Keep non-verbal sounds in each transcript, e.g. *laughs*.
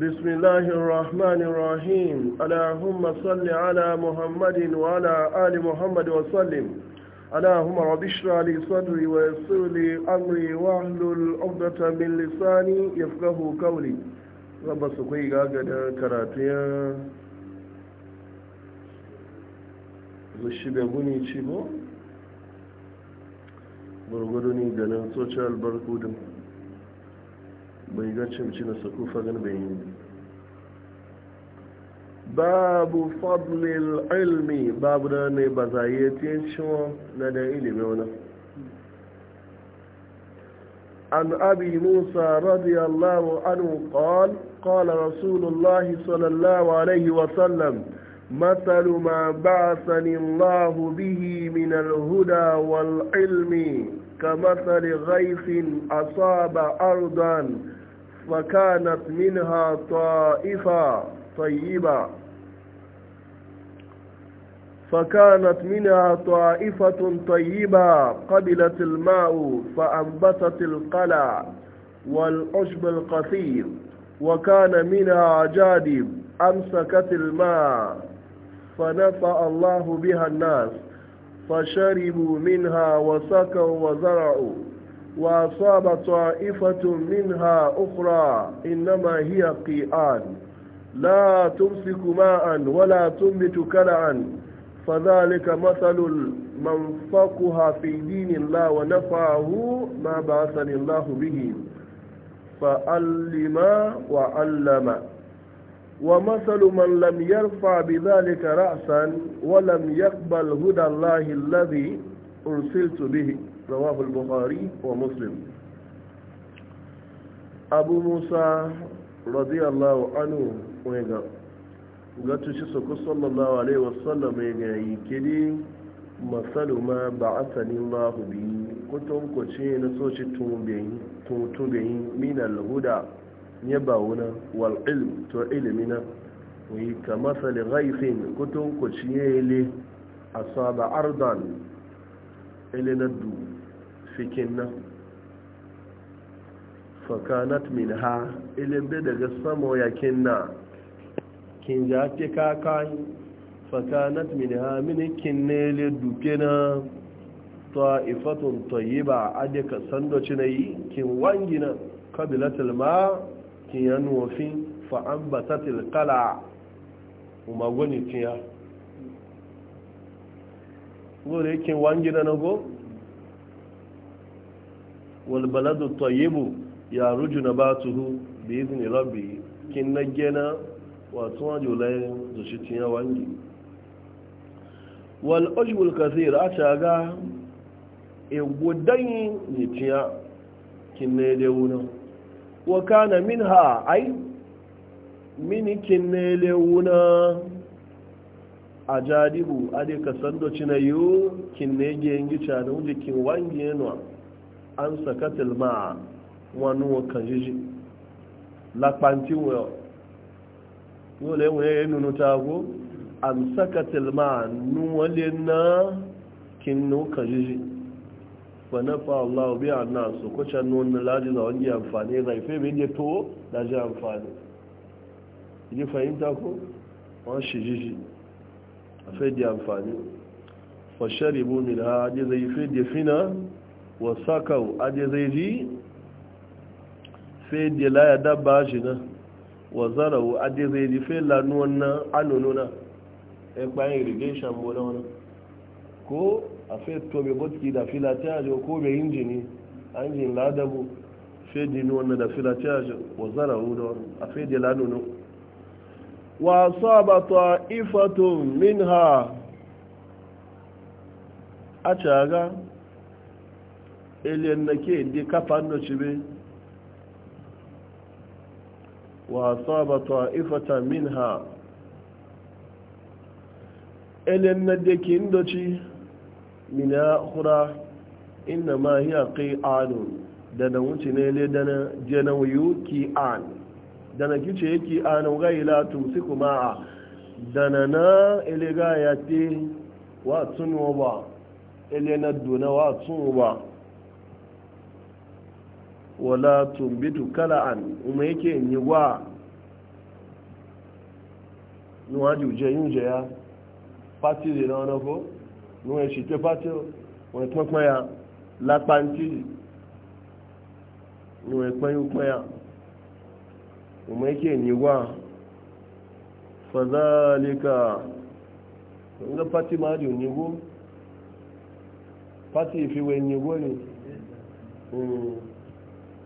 بسم الله الرحمن الرحيم اللهم صل على محمد وعلى آل محمد وسلم اللهم رب اشرح لي صدري ويسر لي امري واحلل عقدة من لساني يفقه قولي رب سكوي غاغدا كراتيا zushibeguni cibo تشيبو برغدوني ganin social بركودم bai ga cimci na suku fagen bai yi babu fadlil ilmi babu da ne ba za yi na da ilimi wani عن أبي موسى رضي الله عنه قال قال رسول الله صلى الله عليه وسلم مثل ما بعثني الله به من الهدى والعلم كمثل غيث أصاب أرضاً فكانت منها طائفة طيبة فكانت منها طائفة طيبة قبلت الماء فأنبتت القلع والعشب القثير وكان منها جادب أمسكت الماء فنفع الله بها الناس فشربوا منها وسكوا وزرعوا وأصاب طائفة منها أخرى إنما هي قيآن لا تمسك ماء ولا تنبت كلعا فذلك مثل من في دين الله ونفعه ما بعثني الله به فألم وعلم ومثل من لم يرفع بذلك رأسا ولم يقبل هدى الله الذي أرسلت به رواه البخاري ومسلم abu musa radiyallahu anu wega ga tushe soko sallallahu alaihi wasallam ga yi kidi masalu ma ba'athani allah bi kutum ko ce na so ci tumbeyi tumbeyi min al-huda ya bawuna wal ilm to ilmina wi ka masal ghayfin kutum ko ce le asaba ardan ilina du fikin nan fakanat min ha ilimbe daga samo yakin na kin ja fi kakai fakanat min ha minikin ne le duke na ta'ifatun tayyiba adika sandoci na yi kin wangina kabilatul ma kin yanu wafin fa'ambatatil kala umagwani tiya gore kin wangina na go walbaladu tayyibu ya ruju na batuhu bi izini rabbi kin na gena wato wajo layin zuci tiya wangi wal ujbul kathir a shaga egwu danyi ni tiya kin na ile wuna wa kana min ha ai mini kin na ile wuna a jadibu ade ka sando cina yiwu kin na ege yin gicha da wuje kin wangi an sakatil ma'a wani wakan jiji lakpanti wuyo yole wuye ya nunu tago an sakatil ma'a nuwale na kinu kan jiji fa na fa Allah bi an nasu kuce nuna laji na wani amfani zaife bai ne to da amfani yi fahimta ko wani shi jiji a fai di amfani fa sharibu min zai ji zaife fina. wa sakau aje zai ji fe la ya dabba shi na wa zarau aje fai ji la nu wannan anono na e pa irrigation mo na wannan ko a fe to be botki da fila ta ko be injini anjin ladabu fe di nu wannan da fila ta wa zarau da wani a fai de la nu wa asaba ta'ifatun minha a caga alien na ke ndi kafan da cibe wa saba ta'ifata minha alien na da ke ndoci mina kura inna ma hiya qi'anun da na wuce ne le da na ki an? da na kice yake an ga ila tumsiku ma'a da na na ile ga ya te wa tunuwa ile na duna wa tunuwa wala tumbitu kala'an umma yake ni wa ni wa ju je yun je ya party de na wani ko nu e shite party won pon pon ya la panti nu e pon yun pon ya umma yake ni wa fadhalika nga party ma ju ni go party fi we ni go ni mm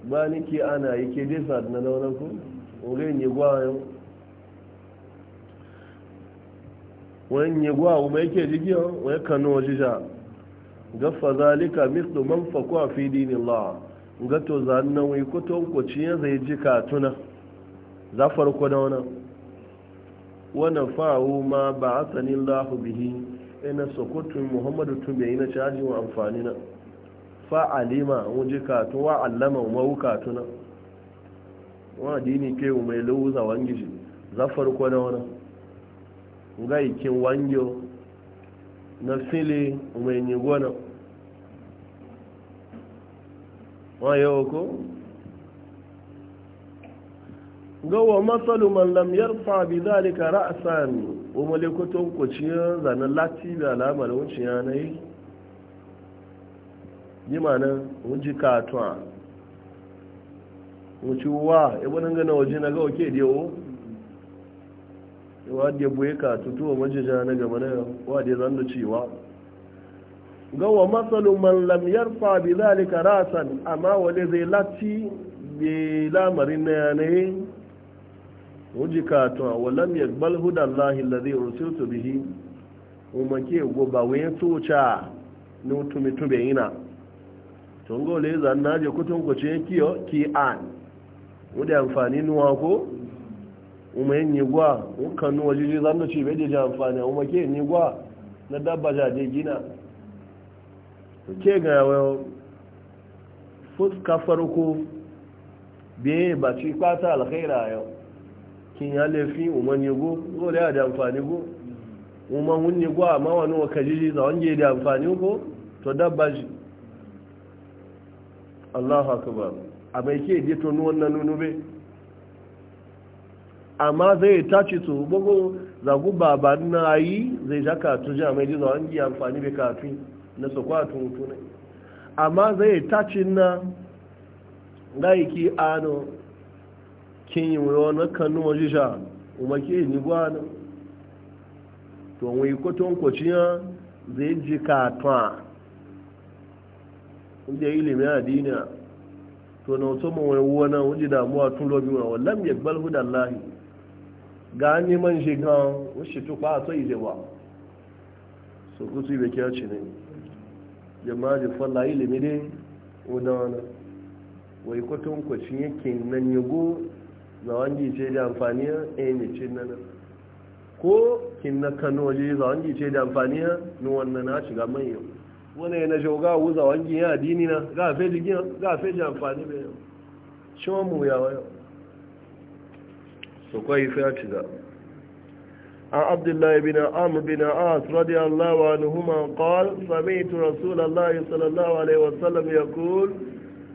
ba ni ke ana yi ke dai na launar ku wurin yi gwayo yau wani yi gwa wu mai ke jigi wani kano waje ja gafa zalika mislu man fakwa fi dinin la gato to za na wai kuton kwaci ya zai ji katuna za farko da wani wani fa'u ma ba asanin lahu bihi ina sokotun muhammadu tun bai yi na caji wa amfani na fa'alima wuje katun wa allama mawu katuna wa dini ke mai lauza wangi shi za farko na wani ga wangiyo na fili mai nigona wa yau ko ga wa matsalu man lam yarfa bi zalika ra'san wa malikutun kuciyar zanen lati bi alamar wuciya na yi bi manan wunci katuwa wunci wa ibi nan gana waje na gawa ke dewo wa da buye katu tuwa majija na gama na wa da zan da cewa gawa matsalin man lam yarfa bi zalika rasan amma wale zai lati bi lamarin na yanayi wunci katuwa walam ya hudallahi allazi ursiltu bihi umake go umarke gobawai tuca ni tumi tube yana tun gole zan na je kutun ku ce kiyo ki an wadda amfani nuwa ko umar yin yi gwa kan nuwa jiji zan da ce bai je amfani umar ke yin yi gwa na dabba jaje gina ke ga yawon fuska farko biye ba ci kwata alkhaira yau kin ya lafi umar yi go gole ya da amfani go umar hun yi gwa ma wani wa kajiji za wange da amfani ko to dabba shi allahu akbar a bai ke je tonu wannan nunube amma zai tace su bugu zagu baba na yi zai ja katu ja mai jizo an yi amfani bai katu na su kwatu mutu ne amma zai tace na gaiki ano kin yi wani kanu sha majisha umake ni gwanu to wani kwaton kwaciyar zai ji katuwa inda ilimi addini to na wato mu wai wona wuji damuwa tun lobi wa wallam yakbal hudallahi ga ni man shi ga wushi to ba to ije ba so ku su be kiyaci ne jama'a ji falla ilimi dai wadana wai kwatun kwacin yake nan yago za wangi ce da amfani ya ne eh, ce nan ko kin na kano je za wangi ce da amfani ya ni na shiga manyan wani na shauga wuza wangi ya dini na gafe jigin amfani mai yau ciwon mu ya wayo su kwayi sai a عن عبد الله بن عمرو بن عاص رضي الله عنهما قال سمعت رسول الله صلى الله عليه وسلم يقول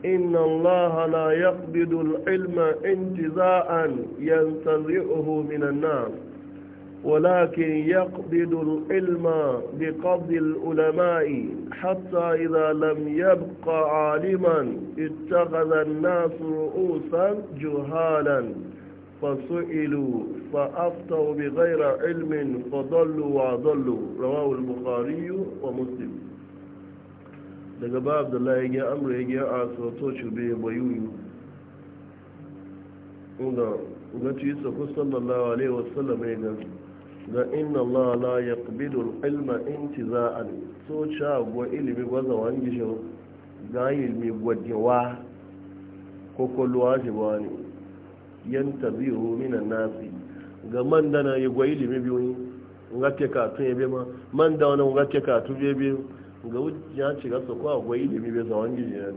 إن الله لا يقبض العلم انتزاعا ينتزعه من الناس ولكن يقبض العلم بقبض العلماء حتى إذا لم يبق عالما اتخذ الناس رؤوسا جهالا فسئلوا فأفتوا بغير علم فضلوا وضلوا رواه البخاري ومسلم daga ba abdullahi ya gina يجي ya gina a soto shube bayuyu ga ga ci isa kusan lallawa ga inna Allah la yaqbidu al-ilma intiza'an so cha go ilimi za wangi shin ga ilimi gwajewa ko kolwa ji wani yantabihu minan nasi ga man dana ya go ilimi biyu nga te ka tun ebe ma man da wani nga te ka tun bi ga wuya ci ga so ko go ilimi be za wangi ji ne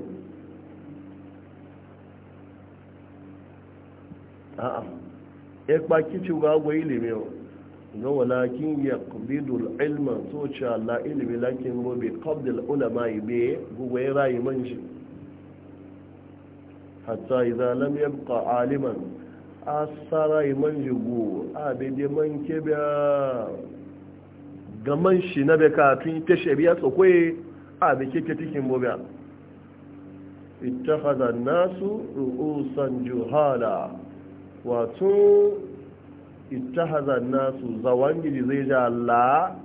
a'a pa kici ga go ilimi o no walakin ya kubidul ilma so ce Allah ilimi lakin bo bi kabdil ulama ibe gugu ya rayu man shi hatta idza lam yabqa aliman asara a jigu abede man biya ga man shi na be ka tun ta shari'a so koyi abe keke tikin bo ba ittakhadha an-nasu ru'usan juhala wato ittahaza nasu zawangiji zai ja la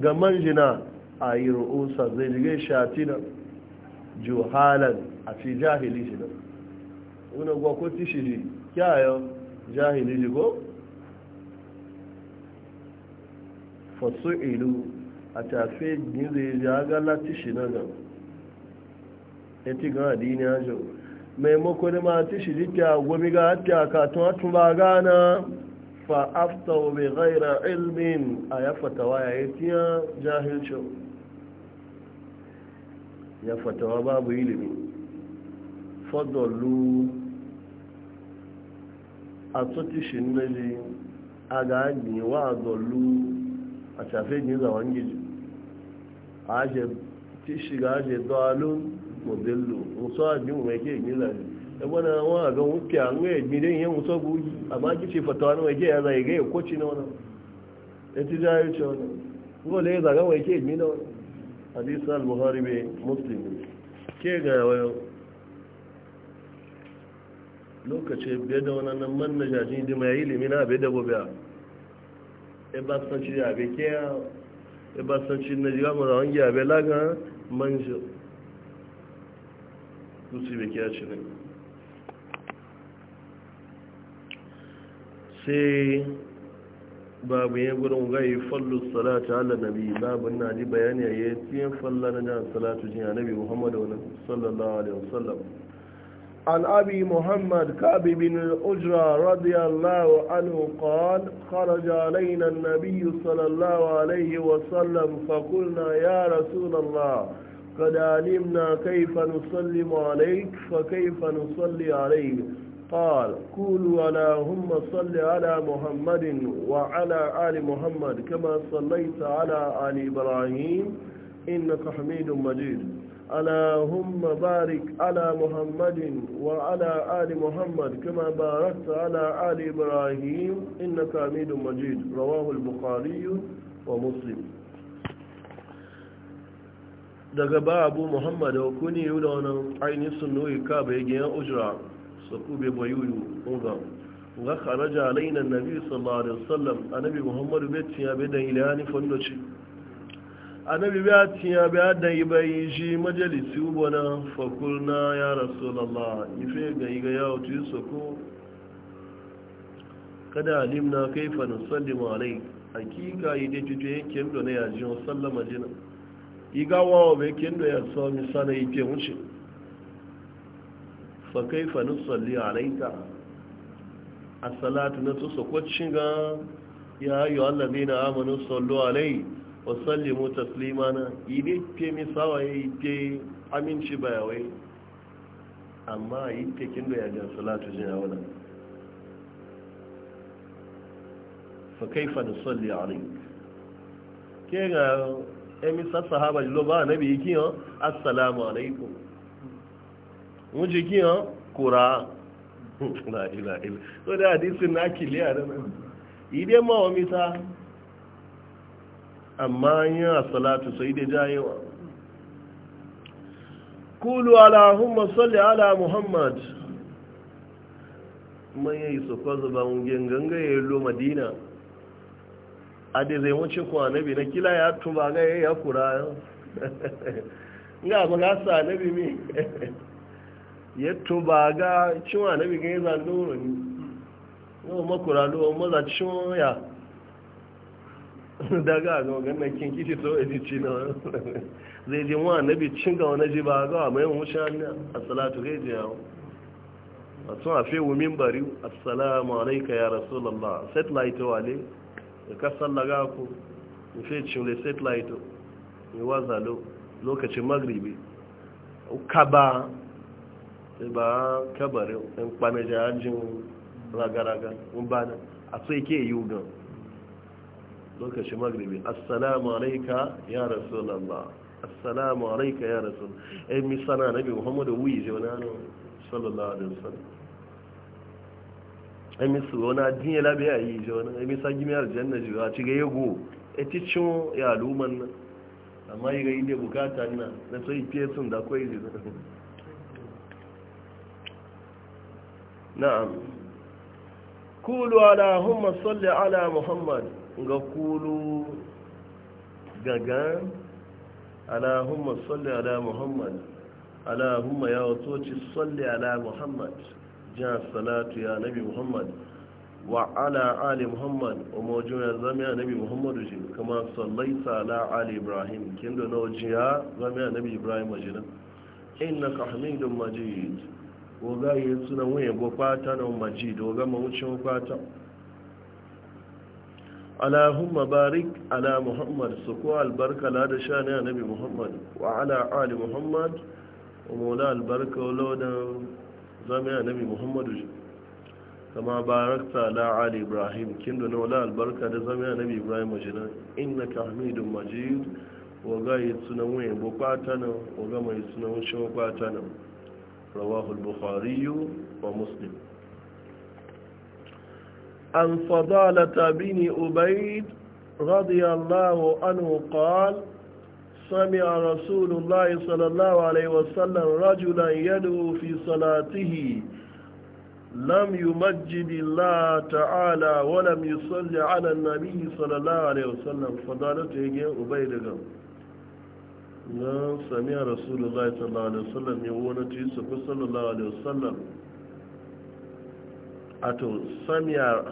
ga manjina a yi ru'usa zai jige na juhalan a fi jahili shi nan wani gwakwati shi ji kyayo jahili shi ko fasu ilu a tafe ni zai ja ga lati shi nan nan ya e ti gan adini a jau maimakon ma ti shi ji kya gomi ga hatta katon hatun ba gana fa aftau bi ghaira ilmin a ya fatawa ya yi tiya jahilcin ya fatawa babu ilimi fadallu a tutishin naji a ga agni wa adallu a shafe ni zawon giji a aje tishi ga aje dalun modillu musu ajin mai ke gizari da wani wa ga wuce an ga yadda gidan yan wuta guji amma kice fatawa na wake ya zai ga ya kwaci na wani ya ci jayo ce wani gole ya zaga wake yadda na wani hadisa al-buhari bai muslim ke ga wayo lokaci bai da wani nan man na jajin ya mai ilimi na bai da gobe a e ba san ci ya bai ke e ba san ci na jiga mura wangi ya bai laga manjo kusi bai ke ya ci ne sai babu yin gudun gai fallu salatu ala nabi babu na ji bayani a yi tiyan falla na jihar salatu jin nabi muhammad wani sallallahu alaihi wasallam عن أبي محمد كعب بن الأجرى رضي الله عنه قال خرج علينا النبي صلى الله عليه وسلم فقلنا يا رسول الله قد علمنا كيف نسلم عليك فكيف قال قولوا اللهم صل على محمد وعلى آل محمد كما صليت على آل إبراهيم إنك حميد مجيد اللهم بارك على محمد وعلى آل محمد كما باركت على آل إبراهيم إنك حميد مجيد رواه البخاري ومسلم daga أبو محمد muhammadu kuni yi da wani ainihin sunuyi ka ujira sakube bayuyu unga nga kharaja alaina annabi sallallahu alaihi wasallam annabi muhammad betti ya bedan ilani fondoci annabi betti ya bedan ibai ji majalisi ubona fakulna ya rasulullah ife ga iga ya otu soko kada alimna kaifa nusallimu alaik hakika ide tutu yake ndo ne ya ji sallama jina igawa obe kendo ya so mi sana ike wuce fa kaifa nusalli alayka as-salatu natu sokwacin ga ya ayu allazina amanu sallu alayhi wa sallimu taslimana ile ke mi sawaye ke aminci bayawai amma yi tekin da ya ga salatu jina wannan fa kaifa nusalli alayka ke ga emi sa sahaba lo ba nabi kiyo assalamu alaikum mun ji kiyan kura la ila ila to da na kile a nan idan ma wa misa amma yin as-salatu sai da jayewa kulu allahumma salli ala muhammad man yayi su kwazo ba mun ganganga yayi lo madina ade zai wuce ku annabi na kila ya tuba ga yayi ya kura *laughs* ga mun ga sa annabi mi *laughs* yẹtun baaga tiwọn anabi gẹ́gẹ́ bá lóòrò ni wọn mọkùnrin alo wọn maza tiwọn ya *laughs* daga a gawa kinkiti kin kishi edi ci na *laughs* zai je wọn anabi cin ga wani ji baaga a mayan wuce hannun asalatu zai je yawon a tun a fi wumin bari assalamu alaika ya rasulallah satellite wale da kasar laga ku mafi cin le satellite mai wazalo lokacin magribi ka ba sai ba kabarin ɗan kwana jajin raga-raga in ba nan a sai ke yi gan lokacin magribi assalamu alaika ya rasulallah assalamu alaika ya rasul ai mi sana nabi muhammadu wuyi je wani hannun sallallahu alaihi wasallam ai mi su wani adin a labi ya yi je wani ai sa gimi aljanna je a ciga yago e ti cin ya luman nan amma yi ga yi da bukata na na sai fiye sun da kwai je na'am kulu allahumma salli ala muhammad ga kulu gaga allahumma salli ala muhammad allahumma ya wato ci salli ala muhammad jiya salatu ya nabi muhammad wa ala ali muhammad umarjun ya zama ya nabi muhammadu shi kama Sallai ala ali ibrahim kin da na ya zama ya nabi ibrahim wajinan innaka hamidun majid oga yi suna wuye go kwata na majid oga mawucin kwata allahumma barik ala muhammad su ko albarka la da sha ne annabi muhammad wa ala ali muhammad wa albarka laudan zama ya nabi muhammadu kama barakta ala ali ibrahim kin da nola albarka da zama ya nabi ibrahim majina innaka hamidun majid wa ga yi suna wuye go kwata na oga mai suna wucin kwata na رواه البخاري ومسلم عن فضالة بن أبيد رضي الله عنه قال سمع رسول الله صلى الله عليه وسلم رجلا يدعو في صلاته لم يمجد الله تعالى ولم يصلي على النبي صلى الله عليه وسلم فضالته أبيد قال na sami a samiya rasulullahi sallallahu alaihi wasallam ya wani ta yusufu sallallahu alaihi wasallam a to samiya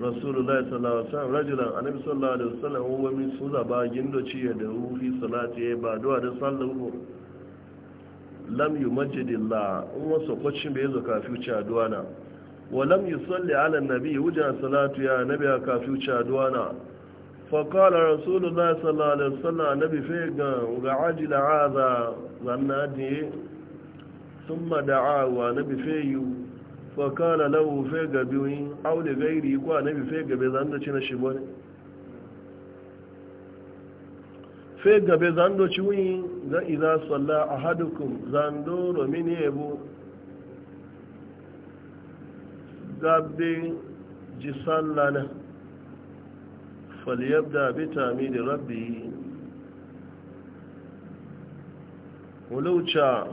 rasulullahi sallallahu alaihi wasallam rajulan annabi sallallahu alaihi wasallam wa min su zaba gindo ci da ruhi salati ya ba duwa da sallahu lam yumajjidillah in wasu kwacin bai zo kafi ci aduwana wa lam yusalli ala nabi wujen salatu ya nabi kafi ci aduwana فقال رسول الله صلى الله عليه وسلم نبي فيغا وعجل هذا ظنادي ثم دعا ونبي فيو فقال له فيغا بيوين او لغيري كو نبي فيغا بزاندو تشنا شبوني فيغا بزاندو تشوين اذا صلى احدكم زاندور من يبو غابي جي صلى فليبدأ بتعميد ربه ولو شاء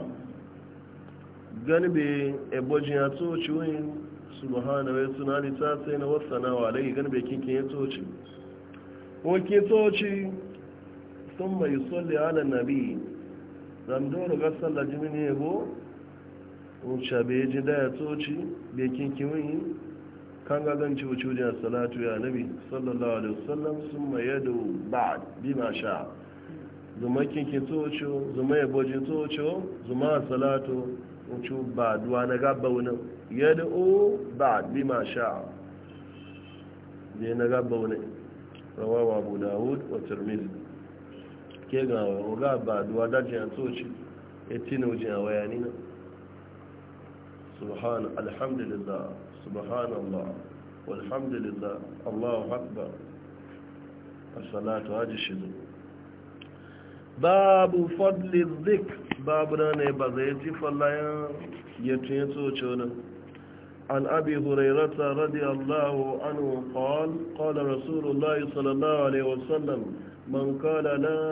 ganibe ebojin ya toci wani subhanahu wa suna lita sai na wasana wa alai ganibe kinkin ya toci wake toci sun mai tsalli ala nabi zamdoro ga sallar jimini yabo wuce bai ji da ya toci bai kinkin wani kan gagan cucu da salatu ya nabi sallallahu alaihi wasallam sun ma ba bi ma sha zuma kinki tsocho zuma ya boje tsocho zuma salatu ucu ba duwa na gaba wani ba bi ma sha ne na gaba wani wa abu dawud wa tirmidhi ke ga ga ba duwa dajin tsoci etina wajin a na subhan alhamdulillah سبحان الله والحمد لله الله أكبر الصلاة هذه الشذو باب فضل الذكر باب ناني بزيتي فلا يتيتو چونا عن أبي هريرة رضي الله عنه قال قال رسول الله صلى الله عليه وسلم من قال لا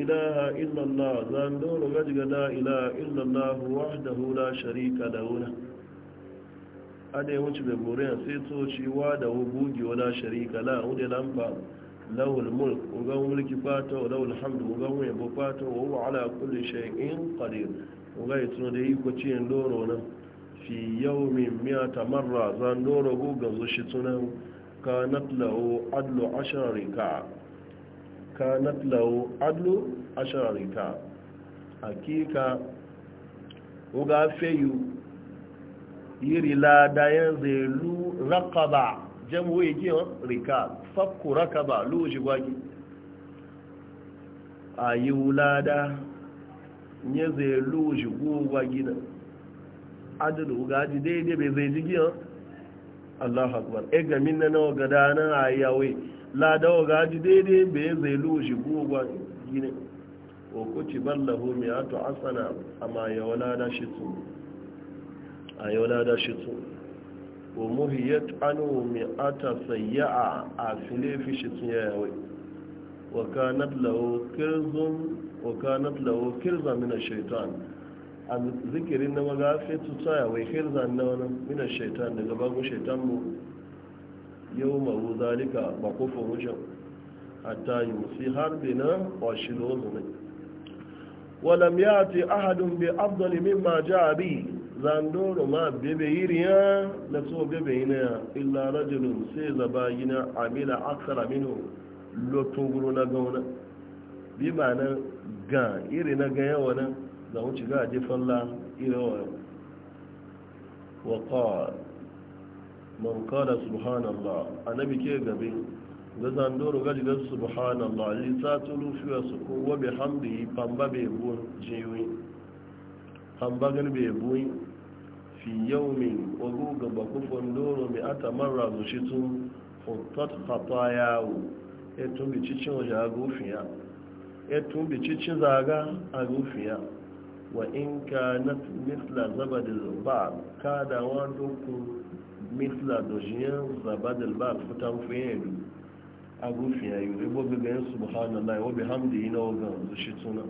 إله إلا الله ذان دون غجق لا إله إلا الله وحده لا شريك له ada yi wuce beboriyan sai toci wa da hugugi wala sharika la hudu lamba lahul mulk ugan mulki fata wa lahul hamdu ugan wuyan bu fata wa huwa ala kulli shay'in qadir uga yi tuno da iko en doro na fi yawmin miyata marra zan doro gugan zo shi tunan ka natlawo adlu ashara rika ka natlawo adlu ashara rika hakika uga feyu yiri lada ya zai lu rakaba jamu ya ke rika fakku rakaba lu shi gwagi a yi wulada ya zai lu shi gwagi na adadu gaji daidai bai zai ji giyan allah akbar e ga min na nawa na a yawai lada wa gaji daidai bai zai lu shi gwagi ne wa kuci ballahu mai ato asana a ma lada shi tsoro a yau lada shi tso wa ya anu mai ata sayya'a a filefi shi tun ya yawai wa na lawo kirza mina shaitan a zikirin na magafe ta yawai kirza na wani mina shaitan daga bagun shaitan mu yau mawu zalika ba kofin wujen hatta yi har harbi na washilozu ne ولم يأتي أحد بأفضل مما جاء bi? zandoro ma bebe yiriya na so bebe yi na illa rajulun sai zaba yi na amina aksara minu lotun guru na gauna bi ma na ga iri na ga yawa na za wuce ga je falla iri wa wa qala man qala subhanallah annabi ke gabe ga zandoro ga diga subhanallah li ta tulu fi wasu wa bihamdihi pamba be bu jiwi hamba gani be buyi fi yaumin ogu gaba kufon doro mai ata mara zuci tun fotot papa yawo etun bi cicin waje a etun bi cicin zaga a gofiya wa in ka na mitla zabadil ba ka da wọn dokun mitla dojiyar zabadil ba fitan fiye du a gofiya yi ibo bigayen subhanallah wa bihamdi yi na ogan zuci tuna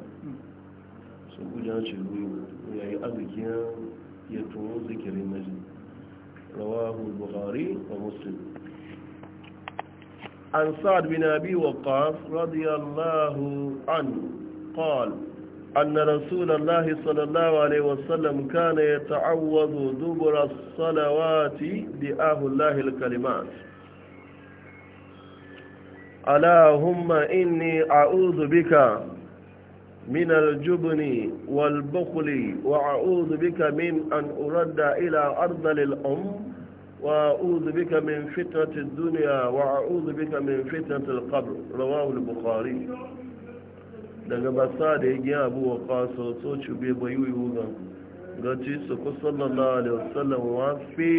su gujen ci ya yi arzikin يتون ذكر النجم رواه البخاري ومسلم عن سعد بن أبي وقاص رضي الله عنه قال أن رسول الله صلى الله عليه وسلم كان يتعوض دبر الصلوات بآه الله الكلمات اللهم إني أعوذ بك من الجبن والبخل وأعوذ بك من أن أرد إلى أرض الأم وأعوذ بك من فتنة الدنيا وأعوذ بك من فتنة القبر رواه البخاري دعنا بساده يا أبو وقاص وصوت شبيب ويوغان قلتي سكو صلى الله عليه وسلم وفي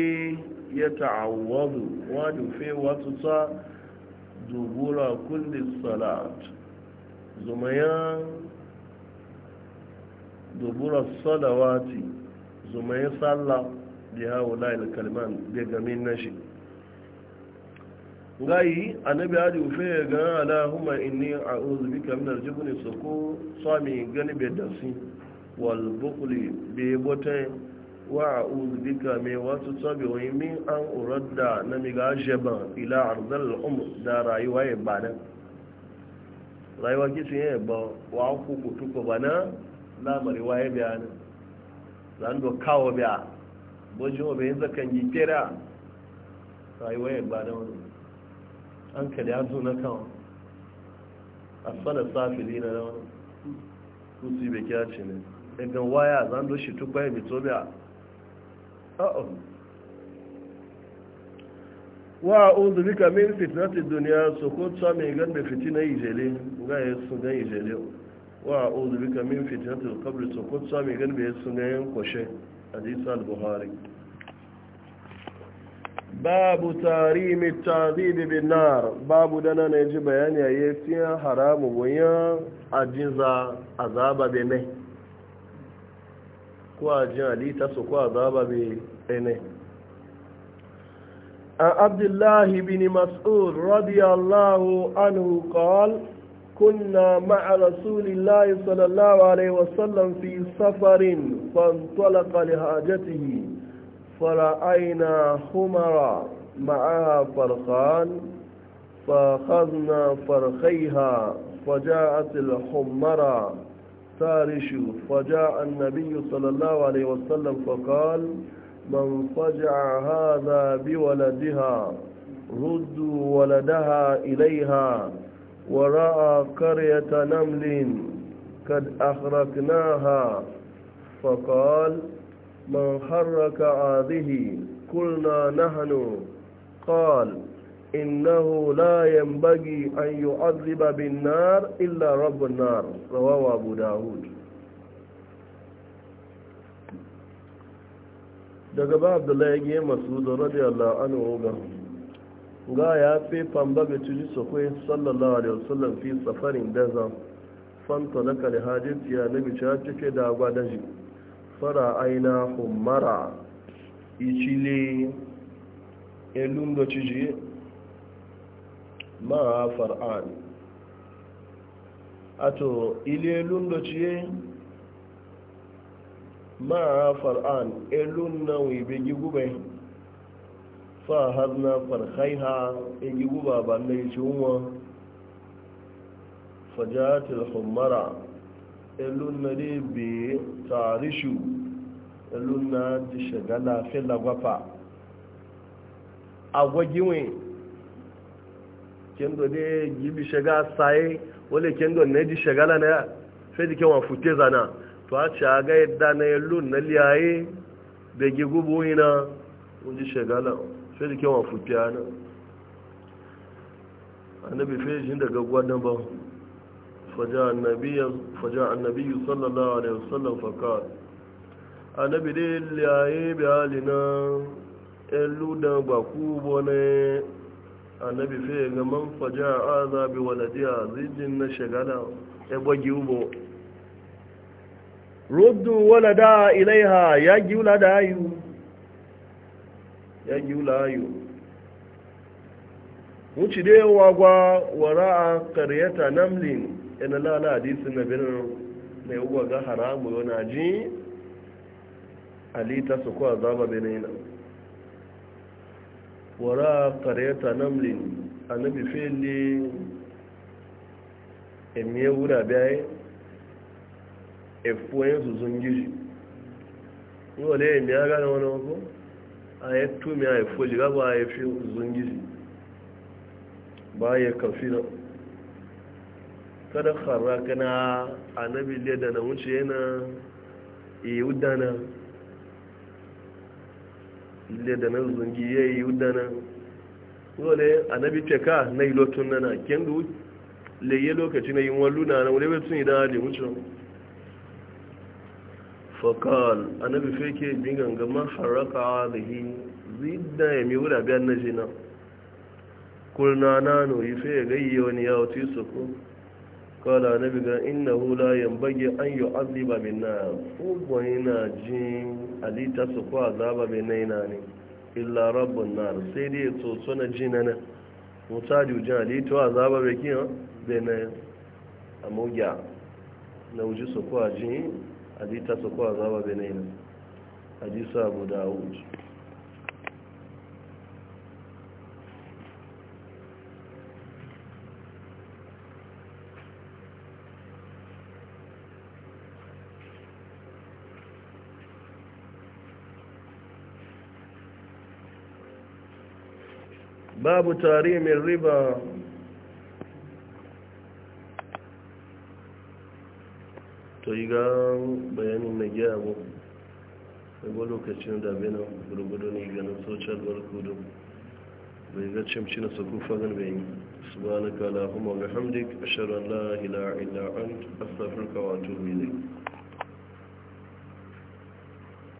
يتعوض وادو في وسط دبور كل الصلاة زميان dubura salawati zumaye salla da yawon layin kalman bi gamin nashi gayi annabi hadi ufe ga allahumma inni a'udhu bika min al su, ko sami gani be dasi wal bukhli bai bote wa a'udhu bika me wasu sabi wa min an uradda na miga ga ila ardal umr da rayuwa ya ibada rayuwa kisi ne ba wa ku kutuko bana lamari waye biya ne zan do kawo biya bojin obe yin zakan yi kera rayuwa ya gbada wani an ka da yanzu na kawo a sanar safili na na wani kusu ibe kya ce ne ɗagan waya zan do shi tukwa ya mito biya a'o wa unzu bika min fitnati duniya su kuta mai gan da na ijele ga ya su gan ijele wa a'udhu bika min fitnatil qabr so ko tsami be sunayen kwashe hadith al-buhari babu tarimi tazibi bin nar babu dana ne ji bayani yayi fiya haramu goya ajiza azaba be ne alita so azaba عبد الله بن مسعود رضي الله عنه كنا مع رسول الله صلى الله عليه وسلم في سفر فانطلق لحاجته فرأينا حمرا معها فرخان فأخذنا فرخيها فجاءت الحمرة تارش فجاء النبي صلى الله عليه وسلم فقال من فجع هذا بولدها ردوا ولدها إليها ورأى قرية نمل قد أخرقناها فقال من حرك هذه قلنا نحن قال إنه لا ينبغي أن يعذب بالنار إلا رب النار رواه أبو داود daga ba abdullahi ya masu da radiyallahu anhu ga ga ya fi famba bai tuji sakwai sallallahu alaihi wasallam fi safarin daza fanta na kare hajjiti ya nabi cewa cike da agwa daji fara aina humara ichile elun da ciji ma far'an ato ile elun da ciye ma far'an elun na wibe gigubai fa har na farkai ha in yi guba ba na yi ciwon fajatil humara ilun na dai be tarishu ilun na ji shagala fi lagwafa agwagiwe kendo dai gibi shaga saye wale kendo na ji shagala na fi jikin wa fute zana to a ci aga yadda na ilun na liyaye da gigubu ina kun ji shagala sai da kyanwa fufiya na annabi shi daga gwadon ba faja annabi sallallahu alaihi wasallam fakar annabi dai yayi bi na eludan baku bone annabi fe ga man faja aza bi waladiya zijin na shagala ebo ubo ruddu walada ilaiha ya giwu da ayu ya giula ayo wuce da yawa gwa wara'a karyata namlin yana lala hadisin na birnin na yi ga haramu yana ji alita su kuwa zaba benin wara'a karyata namlin annabi fili emiye wura biyaye efuwa yin zuzun gizi wale emiye gane wani wakon a ya tumi a ya foli gaba ya fi zungizi ba ya kafi na kada kara kana a le da na wuce yana iya udana le da na zungi ya yi udana dole annabi teka na ilotun nana kendu le yi lokaci na yin wallu na na wule bai tun idan hali wuce fakal annabi fake bingan ga man haraka zahi zidda ya mi wuda biyan na jina kulna nano yi fe gayyo wani ya wuce su ko kala annabi ga inna hula yan bage an yi azliba min na ugbo yana jin alita su ko azaba mai naina ne illa rabbun na sai dai tsotso na jina na mutadi ujin alita azaba mai kiyan bai na amma na wuji su ko a jin hadita soko azaba benaina hadisa abu daud babu tarimin riba to yi ga bayanin na giya mu daga lokacin da benin gurgudu ne ganin social kudu bai ga cimci na saku fagen bai yi ba na kala kuma ga hamdik la ilaha illa anta a